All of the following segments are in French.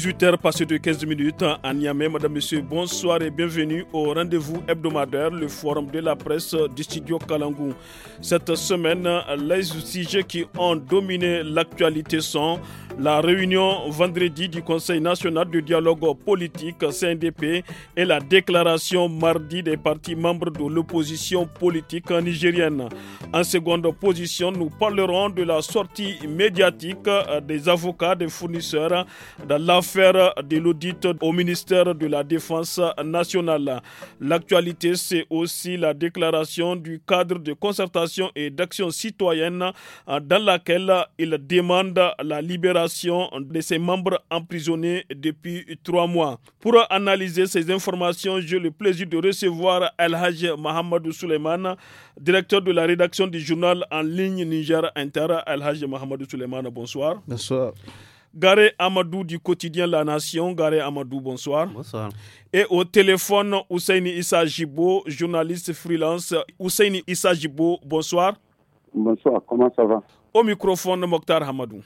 18h passé de 15 minutes à Niamey. Madame, Monsieur, bonsoir et bienvenue au rendez-vous hebdomadaire, le forum de la presse du studio Kalangou. Cette semaine, les sujets qui ont dominé l'actualité sont la réunion vendredi du Conseil national du dialogue politique CNDP et la déclaration mardi des partis membres de l'opposition politique nigérienne. En seconde position, nous parlerons de la sortie médiatique des avocats des fournisseurs dans l'affaire de l'audit au ministère de la Défense nationale. L'actualité, c'est aussi la déclaration du cadre de concertation et d'action citoyenne dans laquelle il demande la libération de ses membres emprisonnés depuis trois mois. Pour analyser ces informations, j'ai le plaisir de recevoir Al Haj Mohamedou directeur de la rédaction du journal en ligne Niger Inter. Al haj Mohamedou bonsoir. Bonsoir. Garé Amadou du quotidien La Nation. Garé Amadou, bonsoir. Bonsoir. Et au téléphone, Ousseini Issa Jibo, journaliste freelance. Ousseini Issa Jibo, bonsoir. Bonsoir, comment ça va Au microphone, Mokhtar Hamadou.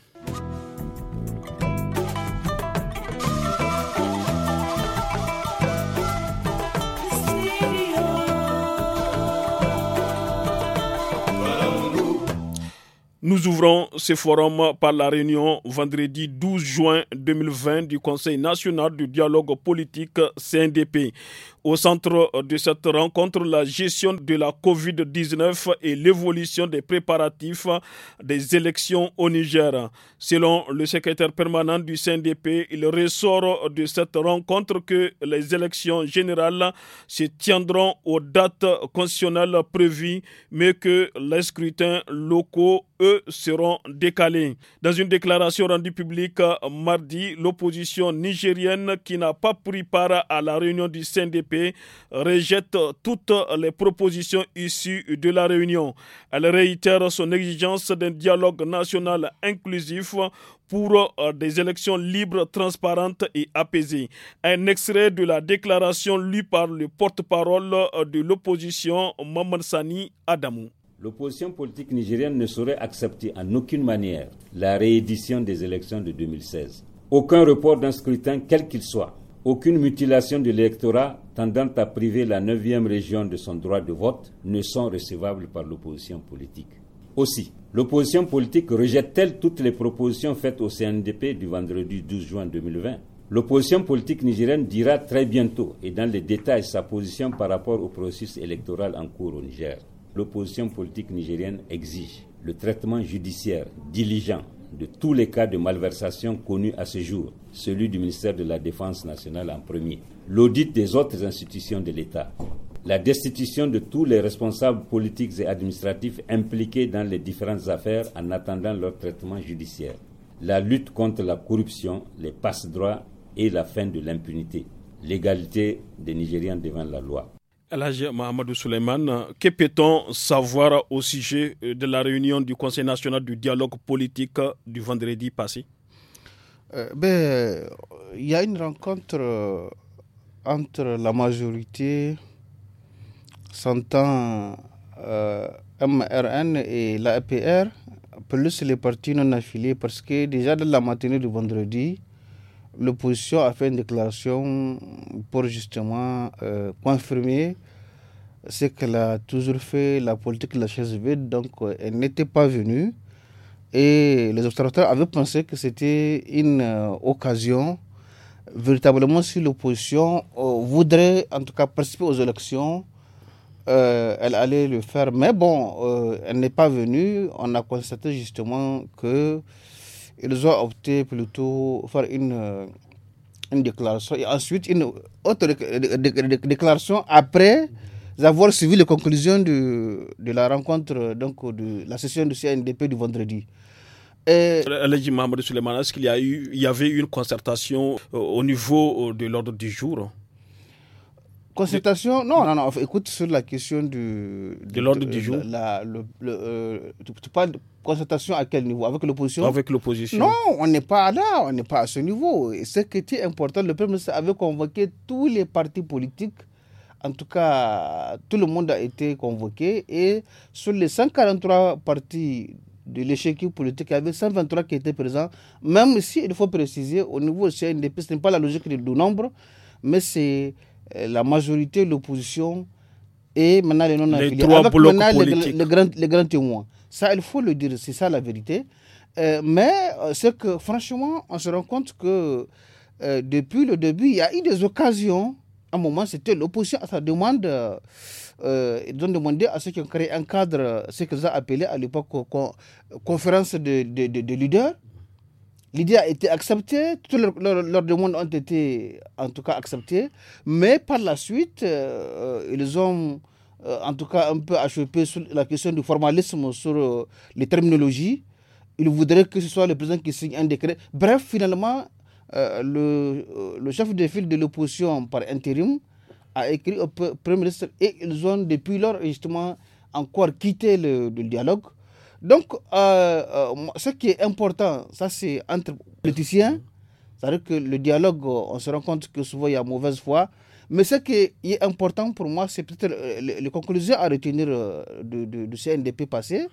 Nous ouvrons ce forum par la réunion vendredi 12 juin 2020 du Conseil national du dialogue politique CNDP. Au centre de cette rencontre, la gestion de la COVID-19 et l'évolution des préparatifs des élections au Niger. Selon le secrétaire permanent du CNDP, il ressort de cette rencontre que les élections générales se tiendront aux dates constitutionnelles prévues, mais que les scrutins locaux eux, seront décalés. Dans une déclaration rendue publique euh, mardi, l'opposition nigérienne qui n'a pas pris part à la réunion du CNDP rejette toutes les propositions issues de la réunion. Elle réitère son exigence d'un dialogue national inclusif pour euh, des élections libres, transparentes et apaisées. Un extrait de la déclaration lue par le porte-parole euh, de l'opposition, Mamansani Sani Adamou. L'opposition politique nigérienne ne saurait accepter en aucune manière la réédition des élections de 2016. Aucun report d'un scrutin, quel qu'il soit, aucune mutilation de l'électorat tendant à priver la 9e région de son droit de vote ne sont recevables par l'opposition politique. Aussi, l'opposition politique rejette-t-elle toutes les propositions faites au CNDP du vendredi 12 juin 2020 L'opposition politique nigérienne dira très bientôt et dans les détails sa position par rapport au processus électoral en cours au Niger l'opposition politique nigérienne exige le traitement judiciaire diligent de tous les cas de malversation connus à ce jour, celui du ministère de la Défense nationale en premier, l'audit des autres institutions de l'État, la destitution de tous les responsables politiques et administratifs impliqués dans les différentes affaires en attendant leur traitement judiciaire, la lutte contre la corruption, les passe-droits et la fin de l'impunité, l'égalité des Nigériens devant la loi. Alors, Mahamadou Souleymane, que peut-on savoir au sujet euh, de la réunion du Conseil national du dialogue politique euh, du vendredi passé euh, ben, Il y a une rencontre entre la majorité s'entend euh, MRN et l'APR, plus les partis non affiliés, parce que déjà de la matinée du vendredi, l'opposition a fait une déclaration pour justement confirmer c'est qu'elle a toujours fait la politique de la chaise vide, donc euh, elle n'était pas venue. Et les observateurs avaient pensé que c'était une euh, occasion véritablement si l'opposition euh, voudrait en tout cas participer aux élections, elle allait le faire. Mais bon, elle n'est pas venue. On a constaté justement que ils ont opté plutôt pour faire une, une déclaration et ensuite une autre déclaration après avoir suivi les conclusions de, la rencontre, donc de la session du CNDP du vendredi. Euh, est-ce qu'il y, a eu, il y avait eu une concertation euh, au niveau euh, de l'ordre du jour Concertation Non, non, non. Écoute, sur la question du. De, l'ordre du jour concertation à quel niveau Avec l'opposition Avec l'opposition. Non, on n'est pas là, on n'est pas à ce niveau. Et ce qui était important, le Premier ministre avait convoqué tous les partis politiques en tout cas, tout le monde a été convoqué et sur les 143 partis de l'échec politique, il y avait 123 qui étaient présents. Même si, il faut préciser, au niveau du CNDP, ce n'est pas la logique du nombre, mais c'est euh, la majorité, l'opposition et maintenant les non-affiliés. Les trois blocs politiques. Les, grands, témoins. Ça, il faut le dire, c'est ça la vérité. Euh, mais euh, c'est que franchement, on se rend compte que depuis le début, il y a eu des occasions un moment, c'était l'opposition à sa demande. Euh, euh ils ont demandé à ceux qui ont créé un cadre, ce qu'ils ont appelé à l'époque conférence de, de, leaders. L'idée a été acceptée, toutes leurs, demandes ont été en tout cas acceptées, mais par la suite, euh, euh, ils ont en tout cas un peu achevé sur la question du formalisme, sur les terminologies. Ils voudraient que ce soit le président qui signe un décret. Bref, finalement, euh, le, euh, le, chef de file de l'opposition par intérim a écrit au Premier ministre et ils ont depuis lors justement encore quitté le, dialogue. Donc, euh, ce qui est important, ça c'est entre politiciens, c'est-à-dire que le dialogue, on se rend compte que souvent il y a mauvaise foi, mais ce qui est important pour moi, c'est peut-être les conclusions à retenir du, CNDP passé.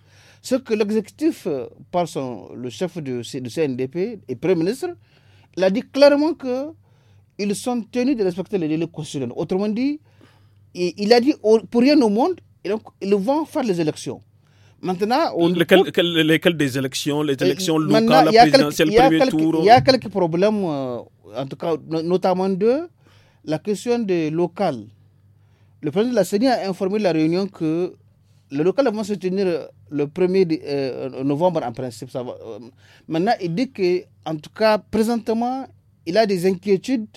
C'est que l'exécutif, par son, le chef de du CNDP et Premier ministre, il a dit clairement que ils sont tenus de respecter les délais constitutionnels. Autrement dit, il a dit pour rien au monde, et donc ils vont faire les élections. Maintenant, on lesquelles des élections Les élections locales, la présidentielle, premier tour Il y a quelques problèmes, euh, en tout cas, notamment de la question des locales. Le président de la CENI a informé la réunion que le local va se tenir euh, le 1er euh, novembre en principe. Euh, maintenant, il dit que, en tout cas, présentement, il a des inquiétudes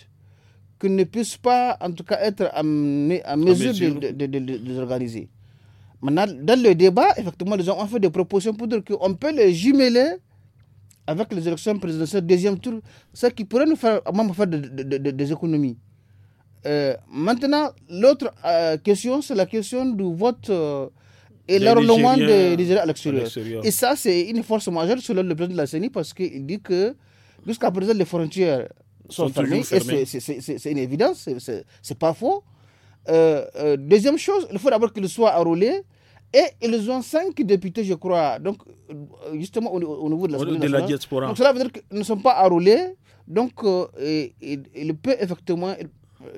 qu'il ne puisse pas, en tout cas, être en, à mesure, De, les organiser. Maintenant, dans le débat, effectivement, ils ont fait des propositions pour dire qu'on peut les jumeler avec les élections présidentielles deuxième tour, ce qui pourrait nous faire, faire des économies. maintenant, l'autre question, c'est la question du vote et demande des gérer à l'extérieur. Et ça, c'est une force majeure selon le président de la CENI parce qu'il dit que jusqu'à présent, les frontières sont, fermées. C'est une évidence, c'est pas faux. Euh, euh, deuxième chose, il faut d'abord qu'ils soient enrôlés. Et ils ont cinq députés, je crois, donc euh, justement au, niveau de la, cela veut dire qu'ils ne sont pas enrôlés. Donc, il peut effectivement,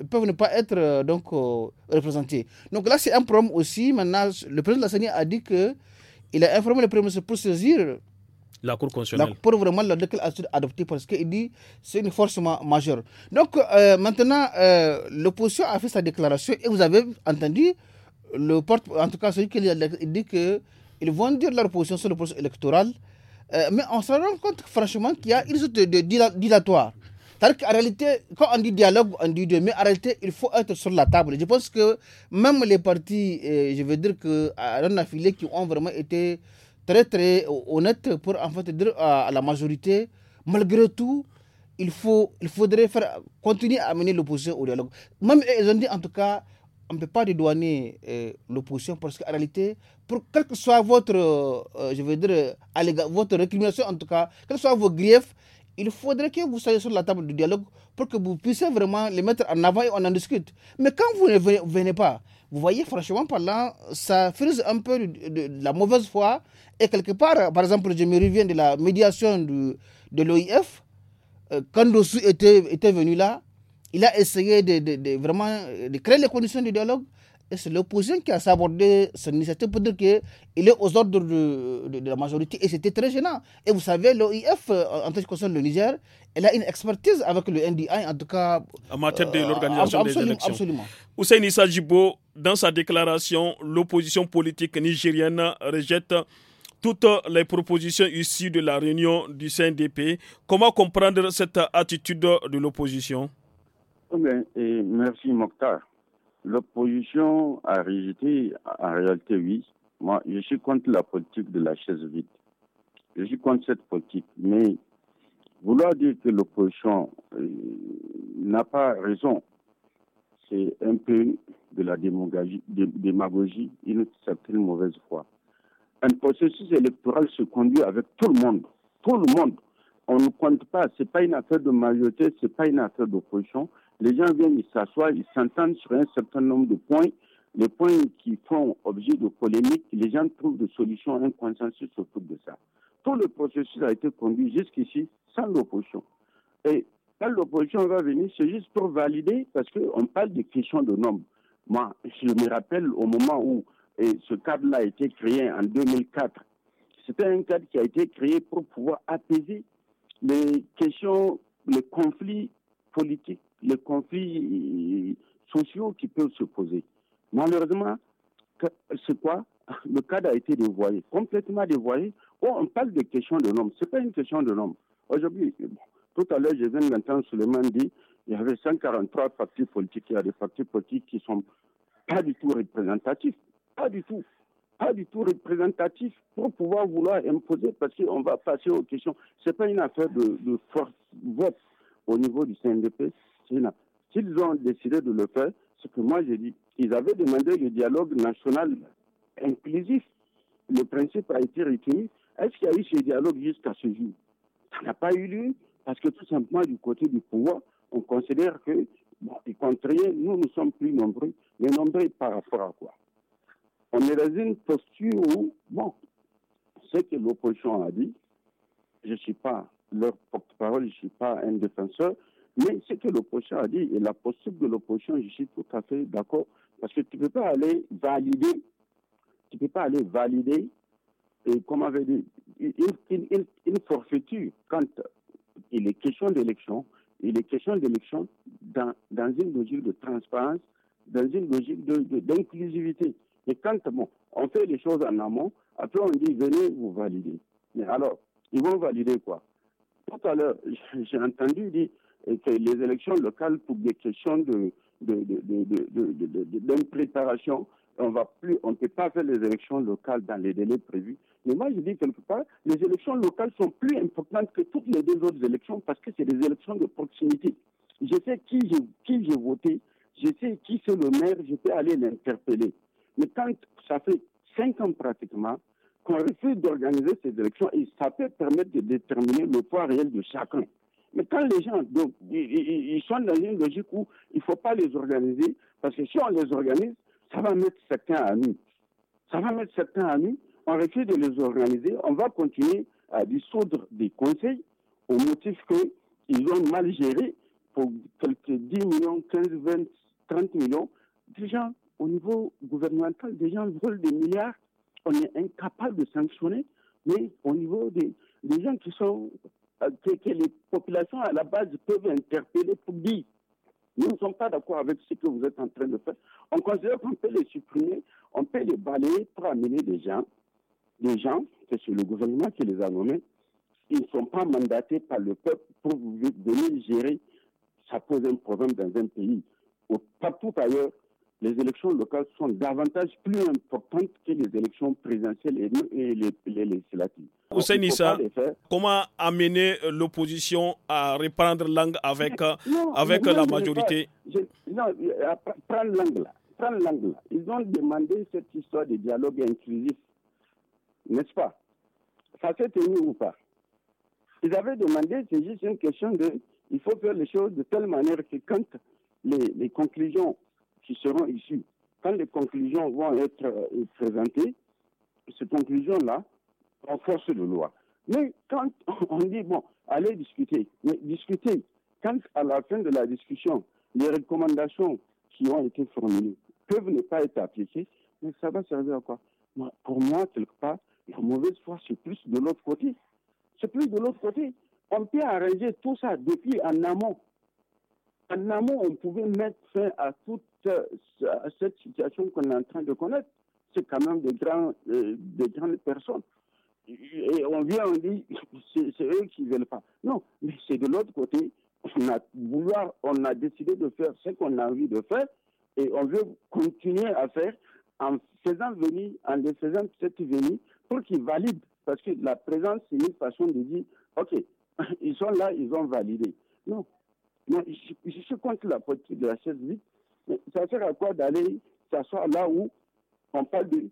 peuvent ne pas être euh, donc euh, représentés. Donc là, c'est un problème aussi. Maintenant, le président de la CENI a dit qu'il a informé le Premier ministre pour saisir la Cour constitutionnelle. pour vraiment la déclaration adoptée parce qu'il dit c'est une force majeure. Donc euh, maintenant, l'opposition a fait sa déclaration et vous avez entendu le porte, en tout cas celui qui dit ils vont dire leur position sur le processus électoral. mais on se rend compte franchement qu'il y a une sorte de dilatoire qu'en réalité, quand on dit dialogue, on dit deux, mais en réalité, il faut être sur la table. Je pense que même les partis, euh, je veux dire que euh, qui ont vraiment été très très honnêtes pour en fait dire à la majorité, malgré tout, il, faut, il faudrait faire, continuer à amener l'opposition au dialogue. Même ils ont dit en tout cas, on ne peut pas dédouaner euh, l'opposition parce qu'en réalité, pour quel que soit votre, je veux dire, votre récrimination en tout cas, quels que soient vos griefs, il faudrait que vous soyez sur la table du dialogue pour que vous puissiez vraiment les mettre en avant et on en discute. Mais quand vous ne venez, pas, vous voyez, franchement parlant, ça frise un peu de, la mauvaise foi. Et quelque part, par exemple, je me reviens de la médiation de, de l'OIF. quand euh, Dossou était, était venu là, il a essayé de, de, vraiment euh, de créer les conditions du dialogue, et c'est l'opposition qui a sabordé son initiative pour dire qu'il est aux ordres de, la majorité et c'était très gênant. Et vous savez, l'OIF, euh, en tant que concerne le Niger, elle a une expertise avec le NDI, en tout cas. En matière de euh, l'organisation des élections. Absolument. Hussein Issa dans sa déclaration, l'opposition politique nigérienne rejette toutes les propositions issues de la réunion du CNDP. Comment comprendre cette attitude de l'opposition eh eh, Merci, Mokhtar. L'opposition a rejeté, en réalité, oui. Moi, je suis contre la politique de la chaise vide. Je suis contre cette politique. Mais vouloir dire que l'opposition euh, n'a pas raison, c'est un peu de la démagogie, démagogie, une certaine mauvaise foi. Un processus électoral se conduit avec tout le monde. Tout le monde. On ne compte pas. Ce n'est pas une affaire de majorité, ce n'est pas une affaire d'opposition. Les gens viennent, ils s'assoient, ils s'entendent sur un certain nombre de points. Les points qui font objet de polémiques, les gens trouvent des solutions, un consensus autour de ça. Tout le processus a été conduit jusqu'ici sans l'opposition. Et quand l'opposition va venir, c'est juste pour valider, parce qu'on parle de questions de nombre. Moi, je me rappelle au moment où ce cadre-là a été créé en 2004. C'était un cadre qui a été créé pour pouvoir apaiser les questions, les conflits politiques les conflits euh, sociaux qui peuvent se poser. Malheureusement, c'est quoi Le cadre a été dévoyé, complètement dévoyé. Oh, on parle de questions de nombre, Ce n'est pas une question de nombre. Aujourd'hui, tout à l'heure, je viens d'entendre Suleiman dire il y avait 143 partis politiques. Il y a des partis politiques qui ne sont pas du tout représentatifs. Pas du tout. Pas du tout représentatifs pour pouvoir vouloir imposer parce qu'on va passer aux questions. Ce n'est pas une affaire de, de force vote au niveau du CNDP. S'ils ont décidé de le faire, ce que moi j'ai dit, ils avaient demandé le dialogue national inclusif. Le principe a été retenu. Est-ce qu'il y a eu ce dialogue jusqu'à ce jour Ça n'a pas eu lieu parce que tout simplement du côté du pouvoir, on considère que, bon, y contraire, nous, nous sommes plus nombreux, mais nombreux par rapport à quoi On est dans une posture où, bon, ce que l'opposition a dit, je ne suis pas leur porte-parole, je ne suis pas un défenseur, mais ce que le prochain a dit et la posture de l'opposition, je suis tout à fait d'accord, parce que tu ne peux pas aller valider, tu ne peux pas aller valider, et comme avait dit, une, une, forfaiture quand il est question d'élection, il est question d'élection dans, une logique de transparence, dans une logique d'inclusivité. De, de, et quand on fait les choses en amont, après on dit venez vous valider. Mais alors, ils vont valider quoi Tout à l'heure, j'ai entendu dire et les élections locales, pour des questions de, de, préparation, on va plus, on ne peut pas faire les élections locales dans les délais prévus. Mais moi, je dis quelque part, les élections locales sont plus importantes que toutes les deux autres élections parce que c'est des élections de proximité. Je sais qui j'ai, qui j'ai voté, je sais qui c'est le maire, je peux aller l'interpeller. Mais quand ça fait cinq ans pratiquement qu'on refuse d'organiser ces élections, et ça peut permettre de déterminer le poids réel de chacun. Mais quand les gens, donc, ils, sont dans une logique où il ne faut pas les organiser, parce que si on les organise, ça va mettre certains à nu. Ça va mettre certains à nu. On refuse de les organiser. On va continuer à dissoudre des conseils au motif qu'ils ont mal géré pour quelques 10 millions, 15, 20, 30 millions. Des gens, au niveau gouvernemental, des gens volent des milliards. On est incapable de sanctionner. Mais au niveau des, des gens qui sont euh, que, les populations à la base peuvent interpeller pour dire nous ne sommes pas d'accord avec ce que vous êtes en train de faire. On considère qu'on peut les supprimer, on peut les balayer pour amener des gens, des gens, que c'est le gouvernement qui les a nommés, ils ne sont pas mandatés par le peuple pour venir gérer. Ça pose un problème dans un pays. Partout ailleurs, les élections locales sont davantage plus importantes que les élections présidentielles et, les, les, les législatives. Hussein Issa, comment amener l'opposition à reprendre langue avec, avec la majorité prends langue là. Ils ont demandé cette histoire de dialogue inclusif, n'est-ce pas Ça s'est tenu ou pas Ils avaient demandé, c'est juste une question de. Il faut faire les choses de telle manière que quand les, les conclusions qui seront issues. Quand les conclusions vont être euh, présentées, ces conclusions-là, en force de loi. Mais quand on dit, bon, allez discuter, mais discuter, quand à la fin de la discussion, les recommandations qui ont été formulées peuvent ne pas être appliquées, mais ça va servir à quoi Pour moi, quelque part, la mauvaise foi, c'est plus de l'autre côté. C'est plus de l'autre côté. On peut arranger tout ça depuis en amont. En amont, on pouvait mettre fin à tout cette situation qu'on est en train de connaître, c'est quand même des, grands, euh, de grandes personnes. Et on vient, on dit, c'est eux qui ne veulent pas. Non, mais c'est de l'autre côté, on a, vouloir, on a décidé de faire ce qu'on a envie de faire et on veut continuer à faire en faisant venir, en les faisant cette venue pour qu'ils valident. Parce que la présence, c'est une façon de dire, OK, ils sont là, ils ont validé. Non. je, suis contre la politique de la chaise vie ça sert à quoi d'aller soit là où on parle de,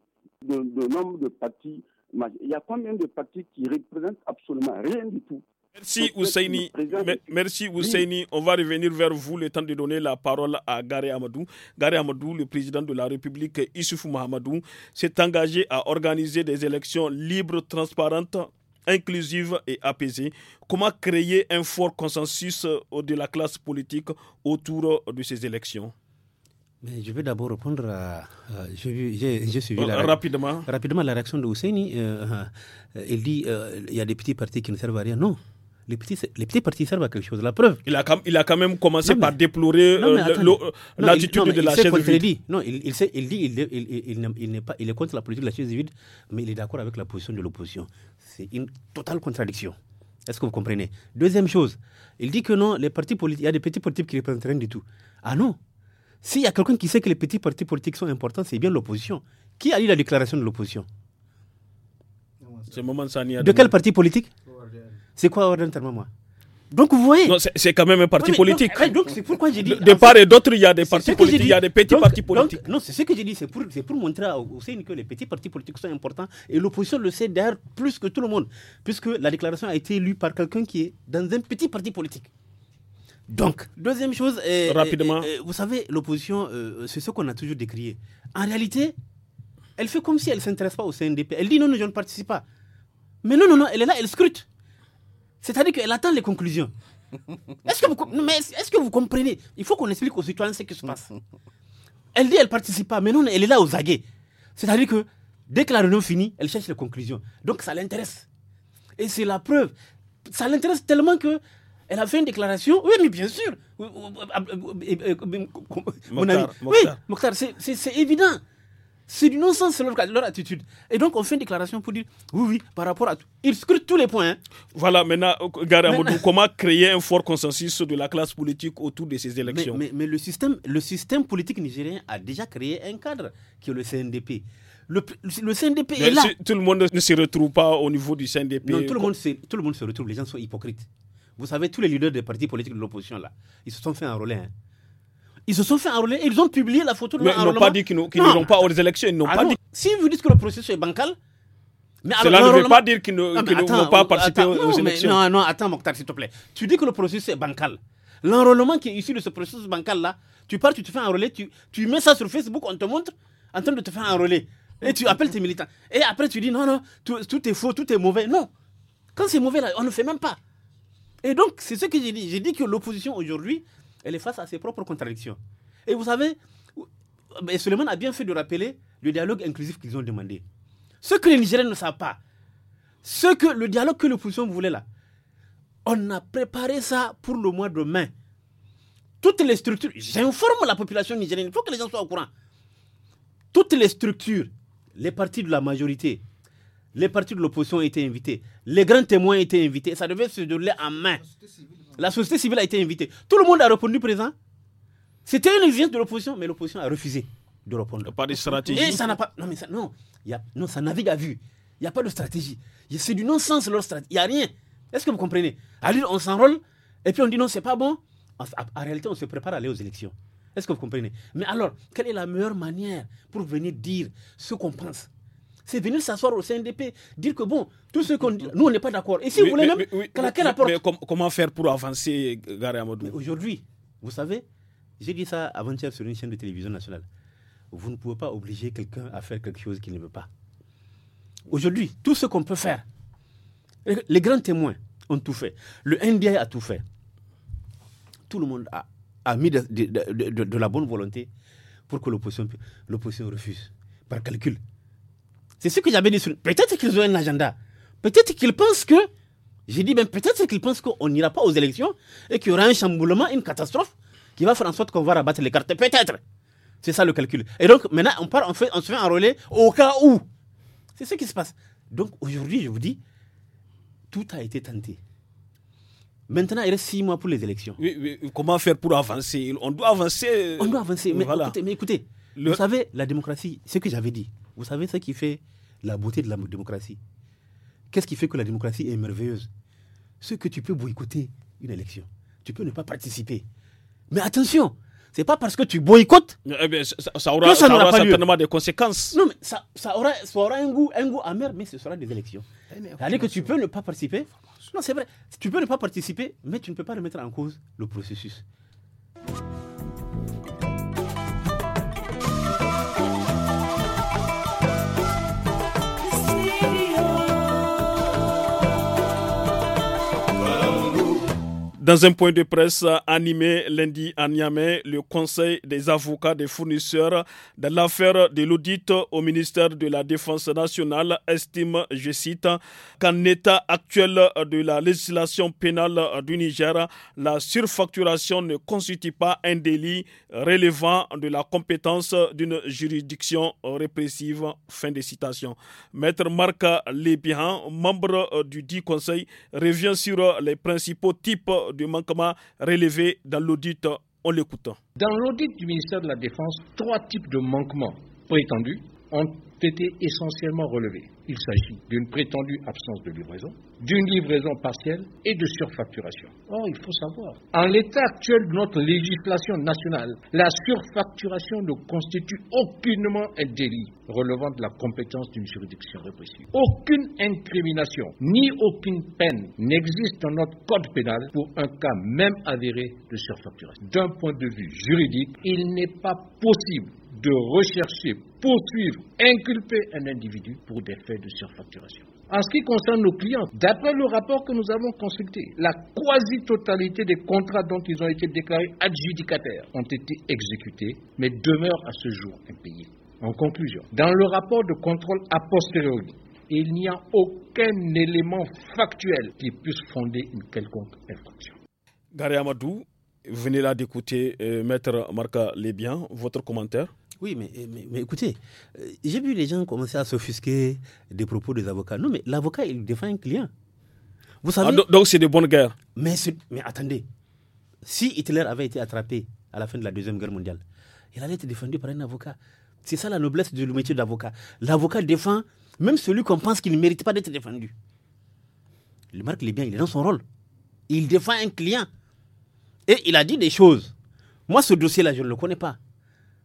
nombre de partis Il y a combien de partis qui représentent absolument rien du tout Merci Ousseini. Merci On va revenir vers vous le temps de donner la parole à Gary Amadou. Gary Amadou, le président de la République Issoufou Mahamadou, s'est engagé à organiser des élections libres, transparentes, inclusives et apaisées. Comment créer un fort consensus euh, de la classe politique autour euh, de ces élections je vais d'abord répondre à. Euh, J'ai rapidement. rapidement la réaction de Husseini. Euh, euh, il dit euh, il y a des petits partis qui ne servent à rien. Non. Les petits, les petits partis servent à quelque chose. La preuve. Il a, il a quand même commencé par déplorer l'attitude de la chaise vide. Non, il, dit il, il, il pas, il est contre la politique de la chaise vide, mais il est d'accord avec la position de l'opposition. C'est une totale contradiction. Est-ce que vous comprenez Deuxième chose, il dit que non, les partis politiques, il y a des petits partis qui ne représentent rien du tout. Ah non, s'il y a quelqu'un qui sait que les petits partis politiques sont importants, c'est bien l'opposition. Qui a lu la déclaration de l'opposition De quel parti politique C'est quoi Orden moi donc vous voyez. c'est quand même un parti politique. Eh, de, part et d'autre, il y a des partis petits partis politiques. non, c'est ce que j'ai dit, c'est pour, montrer à que les petits partis politiques sont importants et l'opposition le sait d'ailleurs plus que tout le monde, puisque la déclaration a été lue par quelqu'un qui est dans un petit parti politique. Donc, deuxième chose, rapidement, vous savez, l'opposition, euh, euh, c'est ce qu'on a toujours décrié. En réalité, elle fait comme si elle ne s'intéresse pas au CNDP. Elle dit non, non, je ne participe pas. Mais non, non, non, elle est là, elle scrute. C'est-à-dire qu'elle attend les conclusions. Est-ce que, vous, mais est que vous comprenez Il faut qu'on explique aux citoyens ce qui se passe. Elle dit elle ne participe pas, mais non, elle est là aux aguets. C'est-à-dire que dès que la réunion finit, elle cherche les conclusions. Donc ça l'intéresse. Et c'est la preuve. Ça l'intéresse tellement que elle a fait une déclaration. Oui, mais bien sûr. Mon ami. Oui, Mokhtar, c'est évident. C'est du non-sens leur, leur, attitude. Et donc, on fait une déclaration pour dire oui, oui, par rapport à tout. Ils scrutent tous les points. Hein. Voilà, maintenant, euh, Gare comment créer un fort consensus de la classe politique autour de ces élections mais, mais, le, système, le système politique nigérien a déjà créé un cadre qui est le CNDP. Le, CNDP est là. tout le monde ne se retrouve pas au niveau du CNDP. Non, tout le, monde tout le monde se retrouve. Les gens sont hypocrites. Vous savez, tous les leaders des partis politiques de l'opposition, là, ils se sont fait enrôler. Hein. Ils se sont fait enrôler et ils ont publié la photo de Mais ils n'ont pas dit qu'ils n'iront pas aux élections. Ils n'ont ah pas Si vous dites que le processus est bancal, Cela ne veut pas dire qu'ils n'ont pas oh, participé aux, élections. non, non, attends, Mokhtar, s'il te plaît. Tu dis que le processus est bancal. L'enrôlement qui est issu de ce processus bancal-là, tu pars, tu te fais enrôler, tu, tu mets ça sur Facebook, on te montre en train de te faire enrôler. Et tu appelles tes militants. Et après, tu dis non, non, tout, est faux, tout est mauvais. Non. Quand c'est mauvais, là, on ne fait même pas. Et donc, c'est ce que j'ai dit. J'ai dit que l'opposition aujourd'hui, elle est face à ses propres contradictions. Et vous savez, a bien fait de rappeler le dialogue inclusif qu'ils ont demandé. Ce que les Nigériens ne savent pas, ce que le dialogue que l'opposition voulait là, on a préparé ça pour le mois de mai. Toutes les structures, j'informe la population nigérienne, il faut que les gens soient au courant. Toutes les structures, les partis de la majorité, les partis de l'opposition ont été invités, les grands témoins ont été invités, ça devait se donner en main. La société civile a été invitée. Tout le monde a répondu présent. C'était une exigence de l'opposition, mais l'opposition a refusé de répondre. Pas de stratégie. ça n'a pas. Non, mais ça, non. ça navigue à vue. Il n'y a pas de stratégie. C'est du non-sens leur stratégie. Il n'y a rien. Est-ce que vous comprenez Alors, on s'enrôle et puis on dit non, c'est pas bon. en réalité, on se prépare à aller aux élections. Est-ce que vous comprenez Mais alors, quelle est la meilleure manière pour venir dire ce qu'on pense c'est venir s'asseoir au CNDP, dire que bon, tout ce qu'on dit, nous on n'est pas d'accord. Et si vous voulez même, Mais comment faire pour avancer, Gary Amadou Aujourd'hui, vous savez, j'ai dit ça avant-hier sur une chaîne de télévision nationale. Vous ne pouvez pas obliger quelqu'un à faire quelque chose qu'il ne veut pas. Aujourd'hui, tout ce qu'on peut faire, les grands témoins ont tout fait. Le NDI a tout fait. Tout le monde a, mis de, de, la bonne volonté pour que l'opposition refuse, par calcul. C'est ce que j'avais dit. Peut-être qu'ils ont un agenda. Peut-être qu'ils pensent que. J'ai dit, ben, peut-être qu'ils pensent qu'on n'ira pas aux élections et qu'il y aura un chamboulement, une catastrophe qui va faire en sorte qu'on va rabattre les cartes. Peut-être. C'est ça le calcul. Et donc, maintenant, on part, on, fait, on se fait enrôler au cas où. C'est ce qui se passe. Donc, aujourd'hui, je vous dis, tout a été tenté. Maintenant, il reste six mois pour les élections. Oui, oui, comment faire pour avancer On doit avancer. On doit avancer. Mais écoutez, vous savez, la démocratie, ce que j'avais dit, vous savez ce qui fait la beauté de la démocratie. Qu'est-ce qui fait que la démocratie est merveilleuse Ce que tu peux boycotter une élection. Tu peux ne pas participer. Mais attention, c'est pas parce que tu boycottes eh ça, que ça, aura, conséquences. Non, mais ça, ça aura, aura un, goût, un goût amer, mais ce sera des élections. Eh, cest dire que tu peux ne pas participer. Non, c'est vrai. Tu peux ne pas participer, mais tu ne peux pas remettre en cause le processus. Dans un point de presse animé lundi à Niamey, le Conseil des avocats des fournisseurs de l'affaire de l'audit au ministère de la Défense nationale estime, je cite, qu'en état actuel de la législation pénale du Niger, la surfacturation ne constitue pas un délit relevant de la compétence d'une juridiction répressive. Fin de citation. Maître Marc Lébihan, membre du dit Conseil, revient sur les principaux types de manquements relevés dans l'audit. On euh, l'écoutant. Dans l'audit du ministère de la Défense, trois types de manquements prétendus ont été essentiellement relevés. Il s'agit d'une prétendue absence de livraison, d'une livraison partielle et de surfacturation. Or, il faut savoir, en l'état actuel de notre législation nationale, la surfacturation ne constitue aucunement un délit relevant de la compétence d'une juridiction répressive. Aucune incrimination ni aucune peine n'existe dans notre code pénal pour un cas même avéré de surfacturation. D'un point de vue juridique, il n'est pas possible de rechercher, poursuivre, inculper un individu pour des faits de surfacturation. En ce qui concerne nos clients, d'après le rapport que nous avons consulté, la quasi-totalité des contrats dont ils ont été déclarés adjudicataires ont été exécutés, mais demeurent à ce jour impayés. En conclusion, dans le rapport de contrôle a posteriori, il n'y a aucun élément factuel qui puisse fonder une quelconque infraction. Gary Amadou, venez là d'écouter euh, Maître Marca Lébian, votre commentaire oui, eh, mais, mais, écoutez, euh, j'ai vu les gens commencer à s'offusquer des propos des avocats. Non, mais l'avocat, il défend un client. Vous ah, savez. donc c'est de bonnes guerres. Mais, mais attendez, si Hitler avait été attrapé à la fin de la Deuxième Guerre mondiale, il allait être défendu par un avocat. C'est ça la noblesse du métier d'avocat. L'avocat défend même celui qu'on pense qu'il ne mérite pas d'être défendu. Le marque il est bien, il est dans son rôle. Il défend un client. Et il a dit des choses. Moi, ce dossier-là, je ne le connais pas.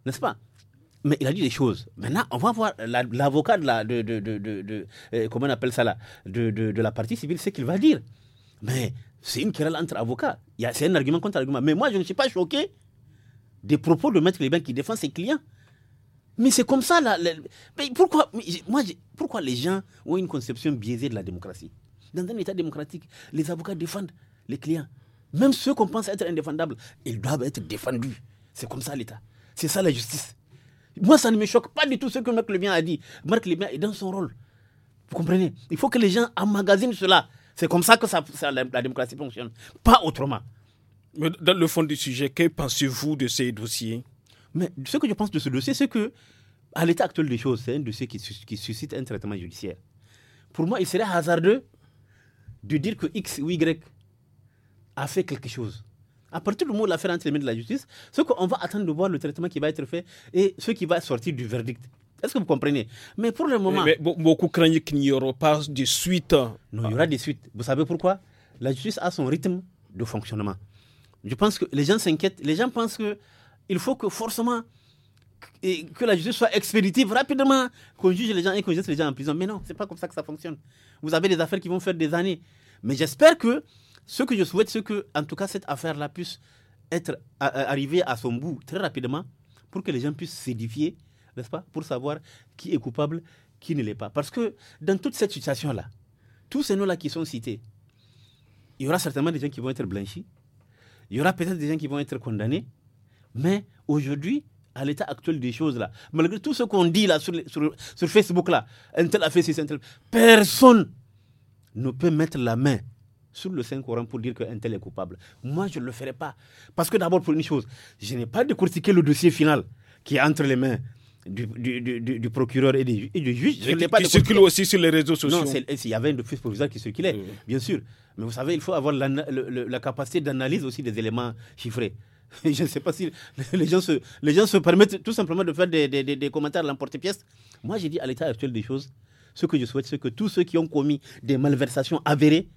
N'est-ce pas mais il a dit des choses. Maintenant, on va voir l'avocat de, de, de, euh, comment on appelle ça là, de, la partie civile, ce qu'il va dire. Mais c'est une querelle entre avocats. C'est un argument contre argument. Mais moi, je ne suis pas choqué des propos de Maître Liban qui défend ses clients. Mais c'est comme ça. Là, mais pourquoi, moi, pourquoi les gens ont une conception biaisée de la démocratie Dans un État démocratique, les avocats défendent les clients. Même ceux qu'on pense être indéfendables, ils doivent être défendus. C'est comme ça l'État. C'est ça la justice. Moi, ça ne me choque pas du tout ce que Marc Lebien a dit. Marc Lebien est dans son rôle. Vous comprenez Il faut que les gens emmagasinent cela. C'est comme ça que ça, la, démocratie fonctionne, pas autrement. Mais dans le fond du sujet, que pensez-vous de ces dossiers Mais ce que je pense de ce dossier, c'est que, à l'état actuel des choses, c'est un dossier qui, qui, suscite un traitement judiciaire. Pour moi, il serait hasardeux de dire que X ou Y a fait quelque chose. À partir du moment où l'affaire entre les mains de la justice, ce qu'on va attendre de voir le traitement qui va être fait et ce qui va sortir du verdict. Est-ce que vous comprenez Mais pour le moment. Mais, beaucoup craignent qu'il n'y aura pas de suite. Non, il y aura des suites. Vous savez pourquoi La justice a son rythme de fonctionnement. Je pense que les gens s'inquiètent. Les gens pensent qu'il faut que forcément que la justice soit expéditive rapidement, qu'on juge les gens et qu'on jette les gens en prison. Mais non, c'est pas comme ça que ça fonctionne. Vous avez des affaires qui vont faire des années. Mais j'espère que ce que je souhaite, c'est que, en tout cas, cette affaire-là puisse être à, arrivée à son bout très rapidement pour que les gens puissent s'édifier, n'est-ce pas, pour savoir qui est coupable, qui ne l'est pas. Parce que dans toute cette situation-là, tous ces noms-là qui sont cités, il y aura certainement des gens qui vont être blanchis, il y aura peut-être des gens qui vont être condamnés, mais aujourd'hui, à l'état actuel des choses là, malgré tout ce qu'on dit là sur, Facebook là, personne ne peut mettre la main sur le Saint-Coran pour dire qu'un tel est coupable. Moi, je ne le ferai pas. Parce que d'abord, pour une chose, je n'ai pas décortiqué le dossier final qui est entre les mains du, du, du, procureur et, du juge. Il circule aussi sur les réseaux sociaux. Non, il y avait un office provisoire qui circulait, bien sûr. Mais vous savez, il faut avoir la, capacité d'analyse aussi des éléments chiffrés. Je ne sais pas si les gens se, les gens se permettent tout simplement de faire des, des, des commentaires à l'emporte-pièce. Moi, j'ai dit à l'état actuel des choses, ce que je souhaite, c'est que tous ceux qui ont commis des malversations avérées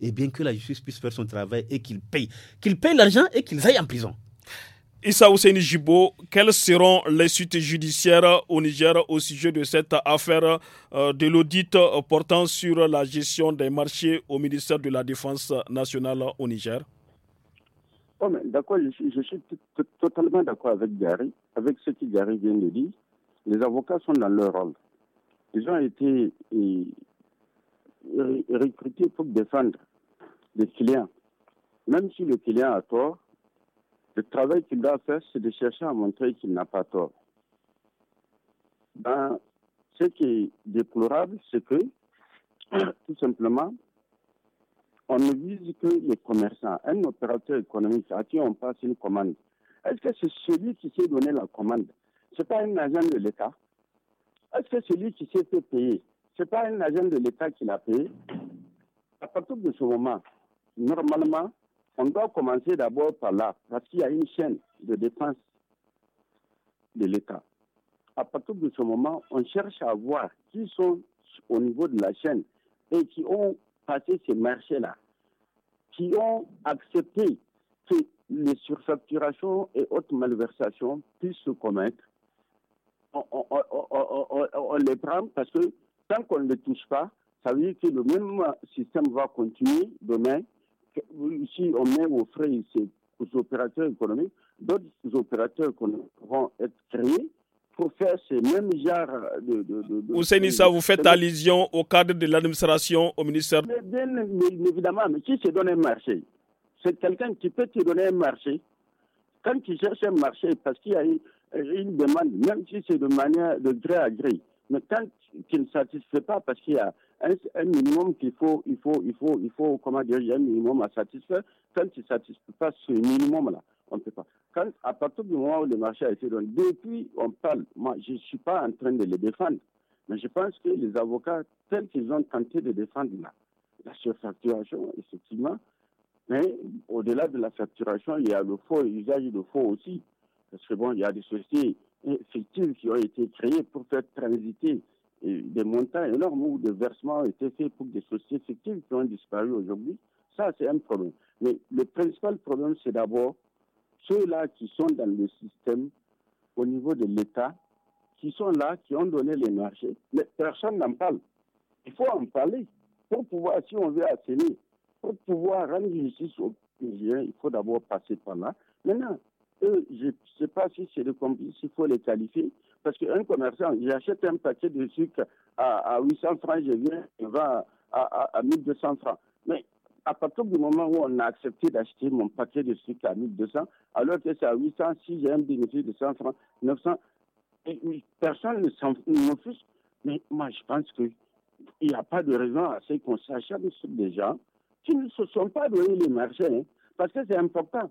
et bien que la justice puisse faire son travail et qu'il paye. Qu'il paye l'argent et qu'ils aillent en prison. Issa Hussein Jibo, quelles seront les suites judiciaires au Niger au sujet de cette affaire euh, de l'audit euh, portant sur la gestion des marchés au ministère de la Défense nationale au Niger oh, D'accord, je, suis, totalement d'accord avec Gary, avec ce que Gary vient de dire. Les avocats sont dans leur rôle. Ils ont été euh, recruter pour défendre le clients. Même si le client a tort, le travail qu'il doit faire, c'est de chercher à montrer qu'il n'a pas tort. Ben, ce qui est déplorable, c'est que, tout simplement, on ne vise que les commerçants. Un opérateur économique à qui on passe une commande, est-ce que c'est celui qui s'est donné la commande Ce n'est pas un agent de l'État. Est-ce que celui qui s'est fait payer ce n'est pas un agent de l'État qui l'a fait. À partir de ce moment, normalement, on doit commencer d'abord par là, parce qu'il y a une chaîne de défense de l'État. À partir de ce moment, on cherche à voir qui sont au niveau de la chaîne et qui ont passé ces marchés-là, qui ont accepté que les surfacturations et autres malversations puissent se commettre. On, on les prend parce que tant qu'on ne touche pas, ça veut dire que le même système va continuer demain. Si on met aux frais ces opérateurs économiques, d'autres opérateurs qu'on vont être créés pour faire ce même genre de... de, de vous faites allusion au cadre de l'administration, au ministère... Mais bien évidemment, mais qui se donne un marché C'est quelqu'un qui peut te donner un marché. Quand tu cherches un marché, parce qu'il y a une demande, même si c'est de manière de gré à gré, mais quand qu'il ne satisfait pas, parce qu'il y a un, minimum qu'il faut, il faut, il faut, il faut, comment dire, il y a un minimum à satisfaire. Quand il ne satisfait pas ce minimum-là, on ne peut pas. Quand, à partir du moment où le marché a été donné, depuis, on parle, moi, je ne suis pas en train de les défendre, mais je pense que les avocats, tels qu'ils ont tenté de défendre la surfacturation, effectivement, mais au-delà de la facturation, il y a le faux, usage, de faux aussi. Parce que bon, il y a des sociétés fictives qui ont été créés pour faire transiter des montants énormes ou des versements ont été faits pour des sociétés fictives qui ont disparu aujourd'hui. Ça, c'est un problème. Mais le principal problème, c'est d'abord ceux-là qui sont dans le système au niveau de l'État, qui sont là, qui ont donné les marchés, mais personne n'en parle. Il faut en parler pour pouvoir, si on veut assainir, pour pouvoir rendre justice aux paysans, il faut d'abord passer par là. Maintenant, je ne sais pas si c'est le s'il faut les qualifier. Parce qu'un commerçant, j'achète un paquet de sucre à, 800 francs, je viens, je va à, 1200 francs. Mais à partir du moment où on a accepté d'acheter mon paquet de sucre à 1200, alors que c'est à 800, si j'ai un bénéfice de 100 francs, 900, personne ne s'en fiche. Mais moi, je pense qu'il n'y a pas de raison à ce qu'on s'achète des gens qui ne se sont pas donné les marchés, hein, parce que c'est important.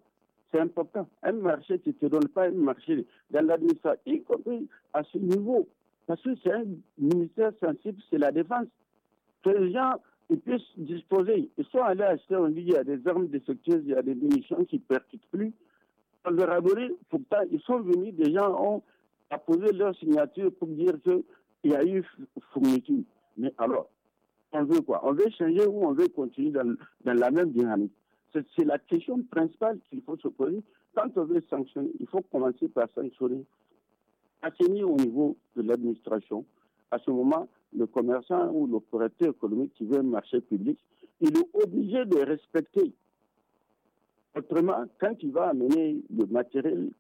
C'est important. Un marché, tu ne te donne pas un marché dans l'administration, y compris à ce niveau. Parce que c'est un ministère sensible, c'est la défense. Que les gens ils puissent disposer. Ils sont allés acheter, on dit, il y a des armes défectueuses, il y a des munitions qui ne percutent plus. Dans pourtant, ils sont venus, des gens ont apposé leur signature pour dire qu'il y a eu fourniture. Mais alors, on veut quoi On veut changer ou on veut continuer dans la même dynamique c'est la question principale qu'il faut se poser. Quand on veut sanctionner, il faut commencer par sanctionner, assainir au niveau de l'administration. À ce moment, le commerçant ou l'opérateur économique qui veut un marché public, il est obligé de respecter. Autrement, quand il va amener le matériel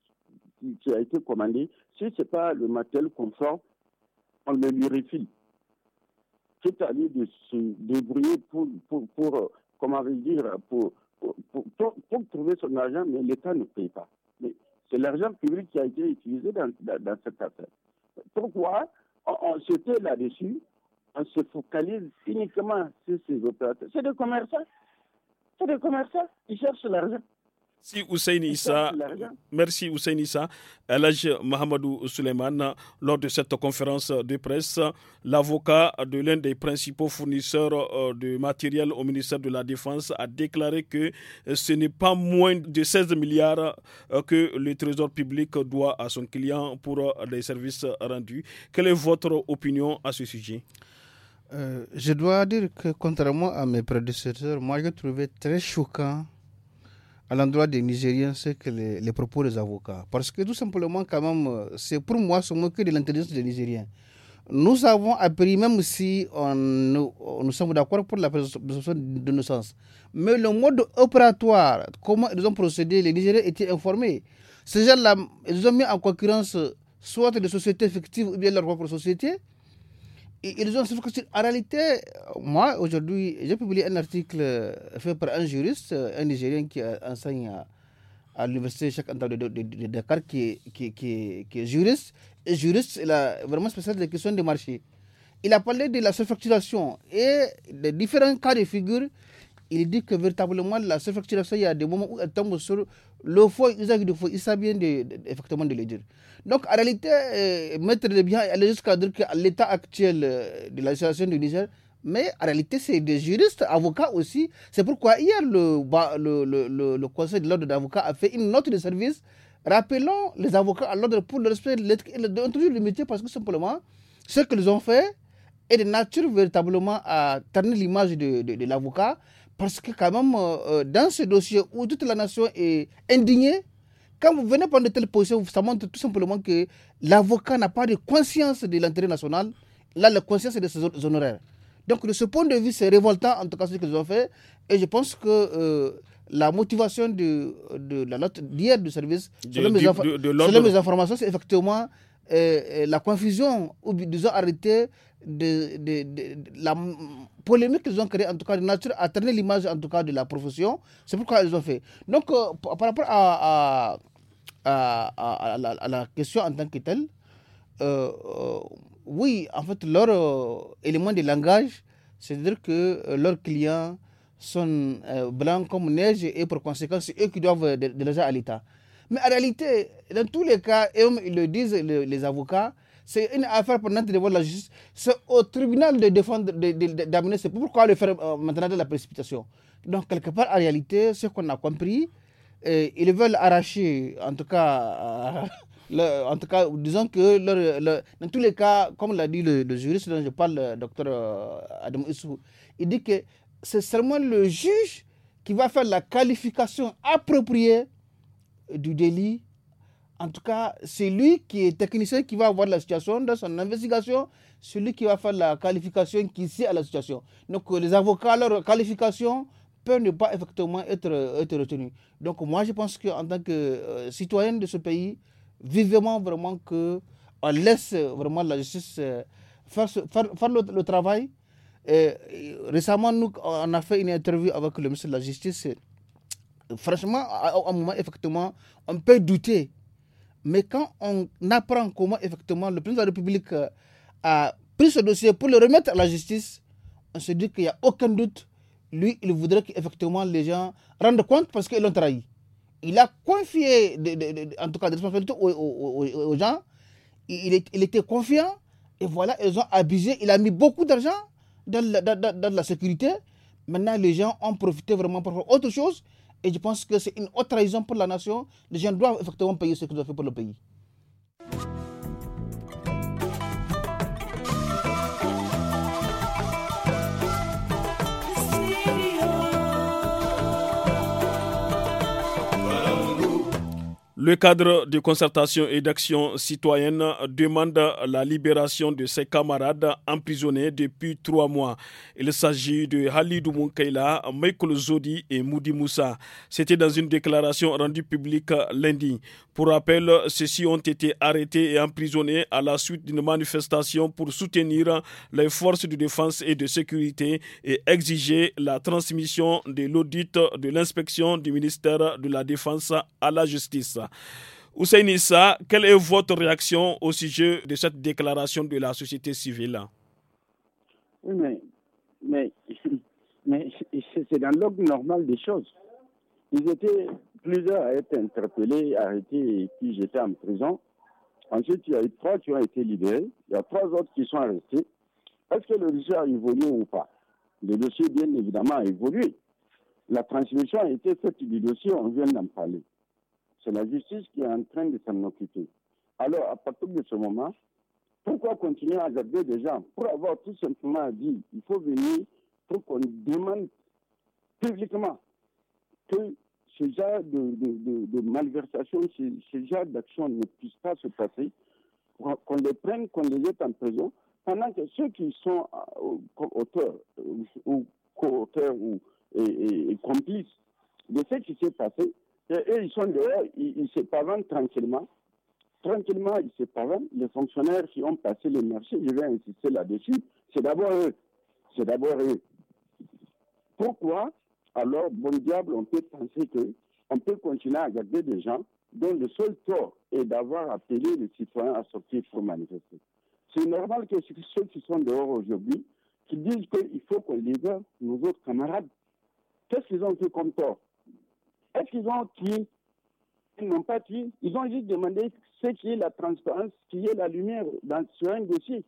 qui, a été commandé, si ce n'est pas le matériel conforme, on le lui Tout C'est à lui de se débrouiller pour, pour, pour comment dire, pour pour, trouver son argent, mais l'État ne paye pas. Mais c'est l'argent public qui a été utilisé dans, cette affaire. Pourquoi on, se tait là-dessus On se focalise uniquement sur ces opérateurs. C'est des commerçants. C'est des commerçants. Ils cherchent l'argent. Merci Hussein Issa. Merci Hussein Issa. Mohamedou Suleiman, lors de cette conférence de presse, l'avocat de l'un des principaux fournisseurs euh, de matériel au ministère de la Défense a déclaré que ce n'est pas moins de 16 milliards euh, que le Trésor public doit à son client pour euh, des services rendus. Quelle est votre opinion à ce sujet Je dois dire que contrairement à mes prédécesseurs, moi j'ai trouvé très choquant à l'endroit des Nigériens, c'est que les, propos des avocats. Parce que tout simplement, quand même, c'est pour moi se moquer de l'intelligence des Nigériens. Nous avons appris, même si on, nous, sommes d'accord pour la présomption d'innocence, mais le mode opératoire, comment ils ont procédé, les Nigériens étaient informés. Ces gens-là, ils ont mis en concurrence soit des sociétés fictives ou bien leur propre société ont en réalité, euh, moi aujourd'hui, j'ai publié un article euh, fait par un juriste, euh, un Nigérien qui enseigne à, à l'université de, Dakar, qui est, qui, qui, juriste. Et juriste, il a vraiment spécialisé des questions de marché. Il a parlé de la surfacturation et des différents cas de figure. Il dit que véritablement, la surfacturation, il y a des moments où elle tombe sur le faux, usage du faux, il s'agit bien effectivement de le dire. Donc, en réalité, euh, mettre le bien, aller jusqu'à dire que l'état actuel euh, de la situation du Niger, mais en réalité, c'est des juristes, avocats aussi. C'est pourquoi hier, le, le, Conseil de l'ordre d'avocats a fait une note de service rappelant les avocats à l'ordre pour le respect de l'éthique et de métier parce que simplement, ce qu'ils ont fait est de nature véritablement à terner l'image de, de l'avocat parce que quand même, euh, euh, dans ce dossier où toute la nation est indignée, quand vous venez prendre de position, positions, ça montre tout simplement que l'avocat n'a pas de conscience de l'intérêt national, là, la conscience de ses honoraires. Donc, de ce point de vue, c'est révoltant, en tout cas, ce qu'ils ont fait. Et je pense que euh, la motivation de, de, la note d'hier du service, selon, mes, informations, c'est effectivement la confusion, où ils ont arrêté de, de, la polémique qu'ils ont créée, en tout cas de nature, à traîner l'image en tout cas de la profession. C'est pourquoi ils ont fait. Donc, euh, par rapport à, à, à, la, question en tant que telle, euh, euh, oui, en fait, leur élément de langage, c'est-à-dire que leurs clients sont blancs comme neige et pour conséquent, c'est eux qui doivent de, à l'État. Mais en réalité, dans tous les cas, et ils le disent, les avocats, c'est une affaire pendant devant la justice. C'est au tribunal de défendre, d'amener. C'est pourquoi le faire euh, maintenant de la précipitation. Donc, quelque part, en réalité, ce qu'on a compris, euh, ils veulent arracher, en tout cas, euh, en tout cas, disons que dans tous les cas, comme l'a dit le, juriste dont je parle, le docteur Adam Issou, il dit que c'est seulement le juge qui va faire la qualification appropriée du délit en tout cas, c'est lui qui est technicien qui va avoir la situation dans son investigation, C'est lui qui va faire la qualification qui sait à la situation. Donc euh, les avocats, leur qualification peut ne pas effectivement être, euh, retenue. Donc moi, je pense qu'en tant que euh, citoyen de ce pays, vivement vraiment qu'on laisse vraiment la justice faire, le, travail. récemment, nous, on a fait une interview avec le ministre de la Justice. Franchement, à un moment, effectivement, on peut douter mais quand on apprend comment effectivement le président de la République euh, a pris ce dossier pour le remettre à la justice, on se dit qu'il n'y a aucun doute. Lui, il voudrait qu'effectivement les gens rendent compte parce qu'ils l'ont trahi. Il a confié, en tout cas, des responsabilités aux, gens. Il, était confiant et voilà, ils ont abusé. Il a mis beaucoup d'argent dans, dans la sécurité. Maintenant, les gens ont profité vraiment pour faire autre chose. Et je pense que c'est une autre raison pour la nation. Les gens doivent effectivement payer ce qu'ils ont fait pour le pays. Le cadre de concertation et d'action citoyenne demande la libération de ses camarades emprisonnés depuis trois mois. Il s'agit de Halidou Moukaila, Michael Zodi et Moudi Moussa. C'était dans une déclaration rendue publique lundi. Pour rappel, ceux-ci ont été arrêtés et emprisonnés à la suite d'une manifestation pour soutenir les forces de défense et de sécurité et exiger la transmission de l'audit de l'inspection du ministère de la Défense à la justice. Hussein Issa, quelle est votre réaction au sujet de cette déclaration de la société civile Oui, mais, mais c'est dans l'ordre normal des choses. Ils étaient plusieurs à être interpellés, arrêtés et puis j'étais en prison. Ensuite, il y a eu trois qui ont été libérés. Il y a trois autres qui sont arrêtés. Est-ce que le dossier a évolué ou pas Le dossier, bien évidemment, a évolué. La transmission a été faite du dossier, on vient d'en parler. C'est la justice qui est en train de s'en occuper. Alors, à partir de ce moment, pourquoi continuer à garder des gens Pour avoir tout simplement dit, il faut venir pour qu'on demande publiquement que ce genre de, malversation, ce, genre d'action ne puisse pas se passer, qu'on les prenne, qu'on les mette en prison, pendant que ceux qui sont euh, auteurs euh, ou co-auteurs ou complices de ce qui s'est passé eux, ils sont dehors, ils, se tranquillement. Tranquillement, ils se Les fonctionnaires qui ont passé le marché, je vais insister là-dessus, c'est d'abord eux. C'est d'abord eux. Pourquoi, alors, bon diable, on peut penser que on peut continuer à garder des gens dont le seul tort est d'avoir appelé les citoyens à sortir pour manifester. C'est normal que ceux qui sont dehors aujourd'hui, qui disent qu'il faut qu'on libère nos autres camarades, qu'est-ce qu'ils ont fait comme tort est-ce qu'ils ont tué Ils n'ont pas tué. Ils ont juste demandé ce qui est la transparence, ce qui est la lumière dans, sur un dossier.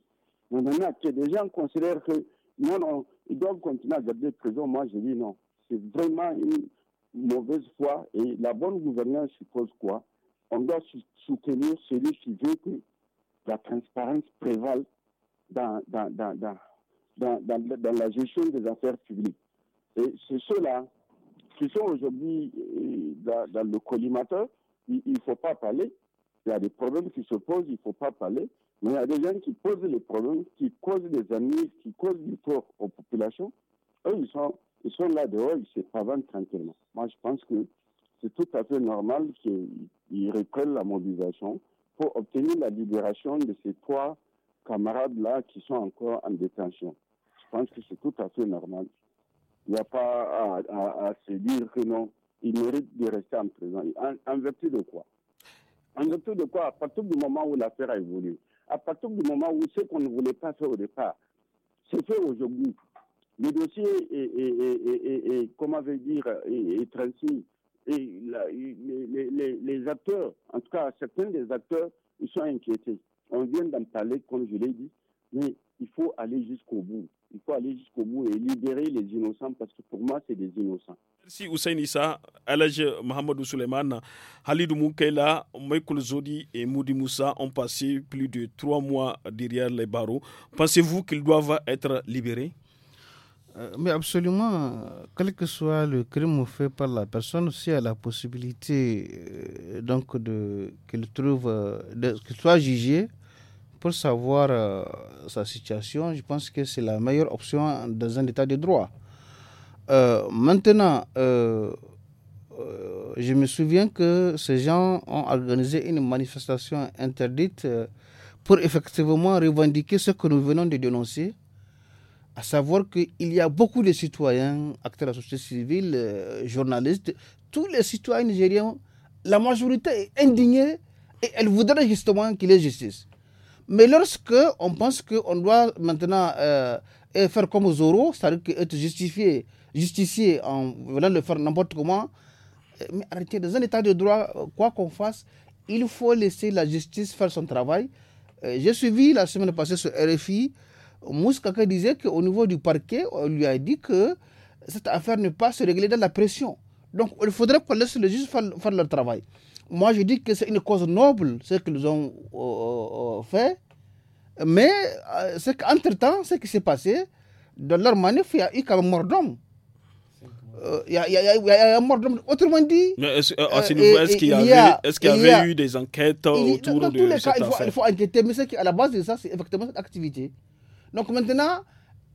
on maintenant, que des gens considèrent que non, non, ils doivent continuer à garder prison, moi je dis non. C'est vraiment une mauvaise foi et la bonne gouvernance suppose quoi On doit soutenir celui qui veut que la transparence prévale dans, dans, dans, dans, dans la gestion des affaires publiques. Et c'est cela qui sont aujourd'hui euh, dans, le collimateur, il ne faut pas parler. Il y a des problèmes qui se posent, il ne faut pas parler. Mais il y a des gens qui posent les problèmes, qui causent des amis, qui causent du tort aux populations. Eux, ils sont, ils sont là dehors, ils se tranquillement. Moi, je pense que c'est tout à fait normal qu'ils reprennent la mobilisation pour obtenir la libération de ces trois camarades-là qui sont encore en détention. Je pense que c'est tout à fait normal ne va pas à, se dire que non, il mérite de rester en prison. En, vertu de quoi En vertu de quoi À partir du moment où l'affaire a évolué, à partir du moment où ce qu'on ne voulait pas faire au départ, c'est fait aujourd'hui. Le dossier est, comment veut dire, est, Et les, les, acteurs, en tout cas certains des acteurs, ils sont inquiétés. On vient d'en parler, comme je l'ai dit, mais il faut aller jusqu'au bout il faut aller jusqu'au bout et libérer les innocents parce que pour moi, c'est des innocents. Merci Hussein Issa, Alage Mohamedou Suleiman, Halidou Moukaila, Michael Zodi et Moudi Moussa ont passé plus de trois mois derrière les barreaux. Pensez-vous qu'ils doivent être libérés euh, mais absolument, quel que soit le crime fait par la personne, si elle a la possibilité euh, donc de qu'elle trouve, euh, qu'elle soit jugée, pour savoir euh, sa situation, je pense que c'est la meilleure option dans un état de droit. Euh, maintenant, euh, je me souviens que ces gens ont organisé une manifestation interdite pour effectivement revendiquer ce que nous venons de dénoncer, à savoir qu'il y a beaucoup de citoyens, acteurs de la société civile, journalistes, tous les citoyens nigériens, la majorité est indignée et elle voudrait justement qu'il y ait justice. Mais lorsque on pense qu'on doit maintenant euh, faire comme Zoro, c'est-à-dire être justifié, justifié en venant le faire n'importe comment, euh, mais arrêtez, dans un état de droit, euh, quoi qu'on fasse, il faut laisser la justice faire son travail. J'ai suivi la semaine passée sur RFI, Mouss disait qu'au niveau du parquet, on lui a dit que cette affaire ne peut pas se régler dans la pression. Donc il faudrait qu'on laisse les juges faire, faire leur travail. Moi, je dis que c'est une cause noble, ce qu'ils ont euh, euh, euh, fait. Mais entre qu'entre-temps, ce qui s'est passé, dans leur manif, il y a eu quand mort d'homme. Il y, a, un mort d'homme. Autrement dit. est-ce, est qu'il y, avait, est-ce qu'il y avait eu des enquêtes autour dans de tous les cas, il faut, enquêter, mais ce qui à la base de ça, c'est effectivement cette activité. Donc maintenant,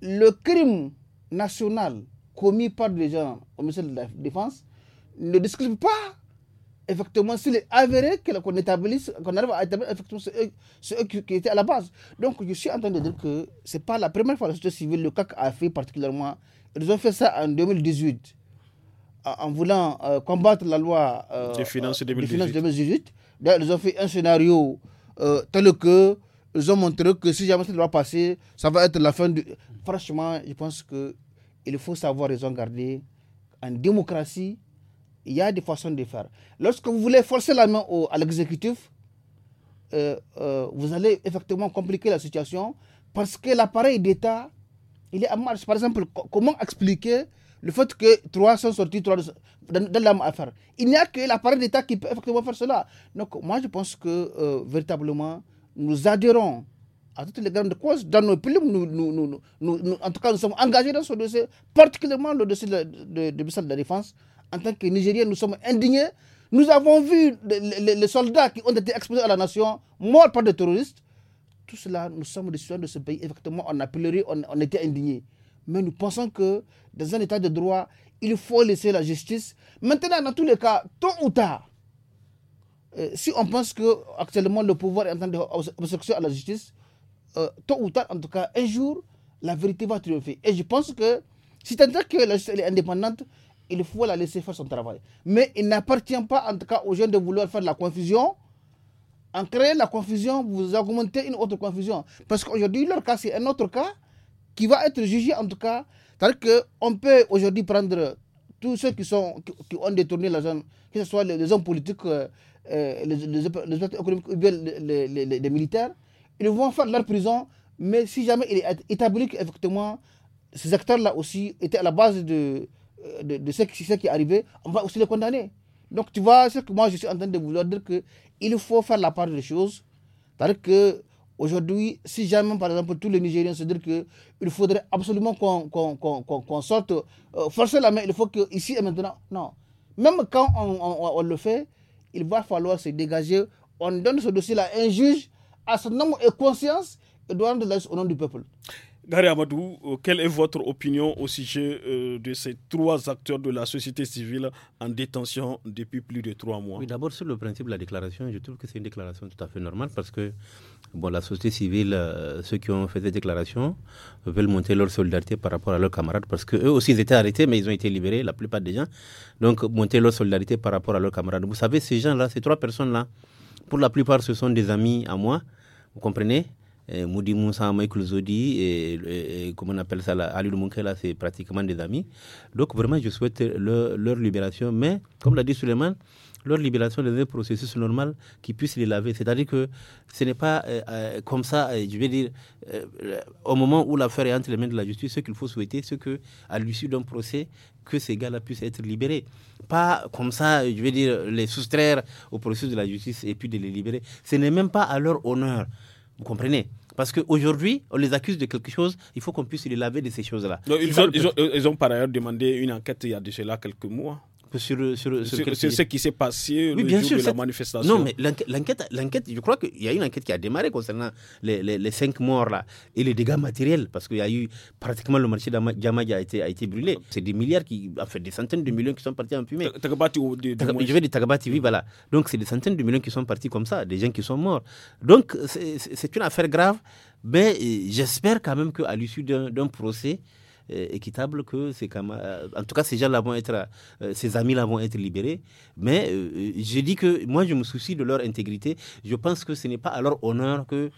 le crime national commis par des gens au ministère de la Défense ne discute pas effectivement, s'il est avéré qu'on qu'on arrive à établir effectivement qui, était à la base. Donc, je suis en train de dire que ce n'est pas la première fois que la société civile, le CAC a fait particulièrement. Ils ont fait ça en 2018, en, voulant euh, combattre la loi euh, de euh, finances 2018. Finance 2018. ils ont fait un scénario tel que ils ont montré que si jamais cette loi passer, ça va être la fin du. Franchement, je pense qu'il faut savoir raison garder. En démocratie, il y a des façons de faire. Lorsque vous voulez forcer la main à l'exécutif, euh, euh, vous allez effectivement compliquer la situation parce que l'appareil d'État, il est en marche. Par exemple, comment expliquer le fait que trois sont sortis trois dans, la même Il n'y a que l'appareil d'État qui peut effectivement faire cela. Donc moi, je pense que euh, véritablement, nous adhérons à toutes les grandes causes dans nos pays. Nous, en tout cas, nous sommes engagés dans ce dossier, particulièrement le dossier de, de, de, de la défense en tant que Nigériens, nous sommes indignés. Nous avons vu les, soldats qui ont été exposés à la nation morts par des terroristes. Tout cela, nous sommes des citoyens de ce pays. Effectivement, on a pleuré, on, était indignés. Mais nous pensons que dans un état de droit, il faut laisser la justice. Maintenant, dans tous les cas, tôt ou tard, euh, si on pense que actuellement le pouvoir est en train d'obstruction à la justice, euh, tôt ou tard, en tout cas, un jour, la vérité va triompher. Et je pense que, si tant que la justice est indépendante, il faut la laisser faire son travail. Mais il n'appartient pas en tout cas aux jeunes de vouloir faire de la confusion. En créant la confusion, vous augmentez une autre confusion. Parce qu'aujourd'hui, leur cas, c'est un autre cas qui va être jugé en tout cas. C'est-à-dire qu'on peut aujourd'hui prendre tous ceux qui, sont, qui, ont détourné la zone, que ce soit les, hommes politiques, euh, euh, les, hommes ou bien les, militaires, ils vont faire leur prison, mais si jamais il est établi qu'effectivement ces acteurs-là aussi étaient à la base de, euh, de, ce, qui, est arrivé, on va aussi les condamner. Donc tu vois, ce que moi je suis en train de vouloir dire que il faut faire la part des choses. Parce que aujourd'hui, si jamais par exemple tous les Nigériens se disent qu'il faudrait absolument qu'on sorte, euh, forcer la main, il faut que ici et maintenant, non. Même quand on, on, le fait, il va falloir se dégager. On donne ce dossier-là à un juge, à son nom et conscience, et doit rendre au nom du peuple. Gary Amadou, euh, quelle est votre opinion au sujet euh, de ces trois acteurs de la société civile en détention depuis plus de trois mois Oui, d'abord sur le principe de la déclaration, je trouve que c'est une déclaration tout à fait normale parce que bon, la société civile, euh, ceux qui ont fait des déclarations, veulent monter leur solidarité par rapport à leurs camarades parce qu'eux aussi ils étaient arrêtés mais ils ont été libérés, la plupart des gens. Donc monter leur solidarité par rapport à leurs camarades. Vous savez, ces gens-là, ces trois personnes-là, pour la plupart ce sont des amis à moi, vous comprenez eh, Moudi Moussa, Michael Zodi et, eh, eh, comment on appelle ça, là, Ali là c'est pratiquement des amis. Donc vraiment, je souhaite leur, libération. Mais comme l'a dit Suleiman, leur libération dans un processus normal qui puisse les laver. C'est-à-dire que ce n'est pas euh, euh, comme ça, euh, je vais dire, au moment où l'affaire est entre les mains de la justice, ce qu'il faut souhaiter, c'est que l'issue d'un procès, que ces gars-là puissent être libérés. Pas comme ça, je vais dire, les soustraire au processus de la justice et puis de les libérer. Ce n'est même pas à leur honneur. Vous comprenez parce qu'aujourd'hui, on les accuse de quelque chose, il faut qu'on puisse les laver de ces choses-là. Ils, ont, par ailleurs demandé une enquête il y a déjà quelques mois sur, ce qui s'est passé le jour de la manifestation. Non, mais l'enquête, l'enquête, je crois qu'il y a une enquête qui a démarré concernant les, les, cinq morts là et les dégâts matériels, parce qu'il y a eu pratiquement le marché d'Amadi a été, a été brûlé. Ah. C'est des milliards, qui, fait des centaines de millions qui sont partis en fumée. Je vais de voilà. Donc c'est des centaines de millions qui sont partis comme ça, des gens qui sont morts. Donc c'est une affaire grave, mais euh, j'espère quand même qu'à l'issue d'un procès, euh, équitable que ces camarades, euh, en tout cas ces gens-là vont être, euh, ces amis-là vont être libérés. Mais je dis que moi je me soucie de leur intégrité. Je pense que ce n'est pas à leur honneur que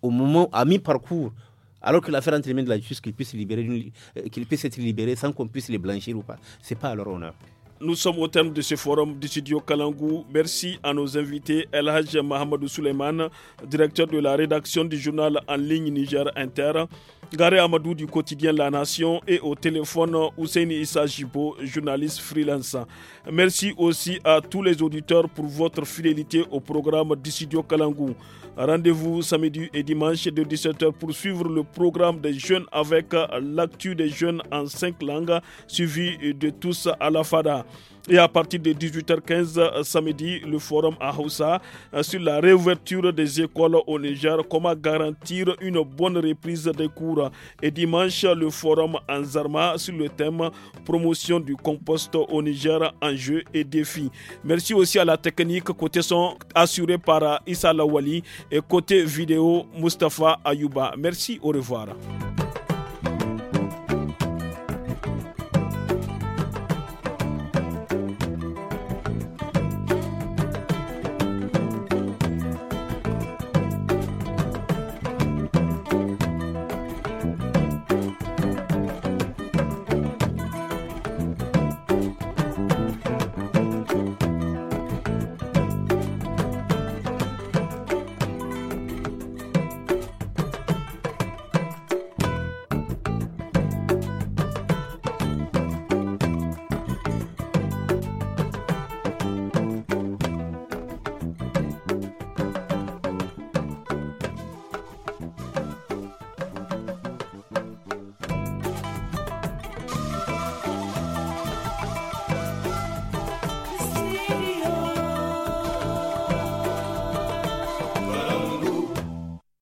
au moment, à mi-parcours, alors que l'affaire entre les mains de la justice, qu'ils puissent, libérer, qu'ils puissent être libérés sans qu'on puisse les blanchir ou pas. Ce n'est pas à leur honneur. Nous sommes au terme de ce forum du studio Kalangou. Merci à nos invités El Hajj Mahamadou Souleyman, directeur de la rédaction du journal en ligne Niger Inter, Garé Amadou du quotidien La Nation et au téléphone Hussein Issa Jibo, journaliste freelance. Merci aussi à tous les auditeurs pour votre fidélité au programme Dissidio studio Kalangou. Rendez-vous samedi et dimanche de 17h pour suivre le programme des jeunes avec l'actu des jeunes en cinq langues suivi de tous à la FADA. Et à partir de 18h15 euh, samedi, le forum à Hausa euh, sur la réouverture des écoles au Niger, comment garantir une bonne reprise des cours. Et dimanche, le forum en Zarma sur le thème promotion du compost au Niger, enjeux et défis. Merci aussi à la technique côté son assuré par Issa Lawali et côté vidéo Mustapha Ayouba. Merci, au revoir.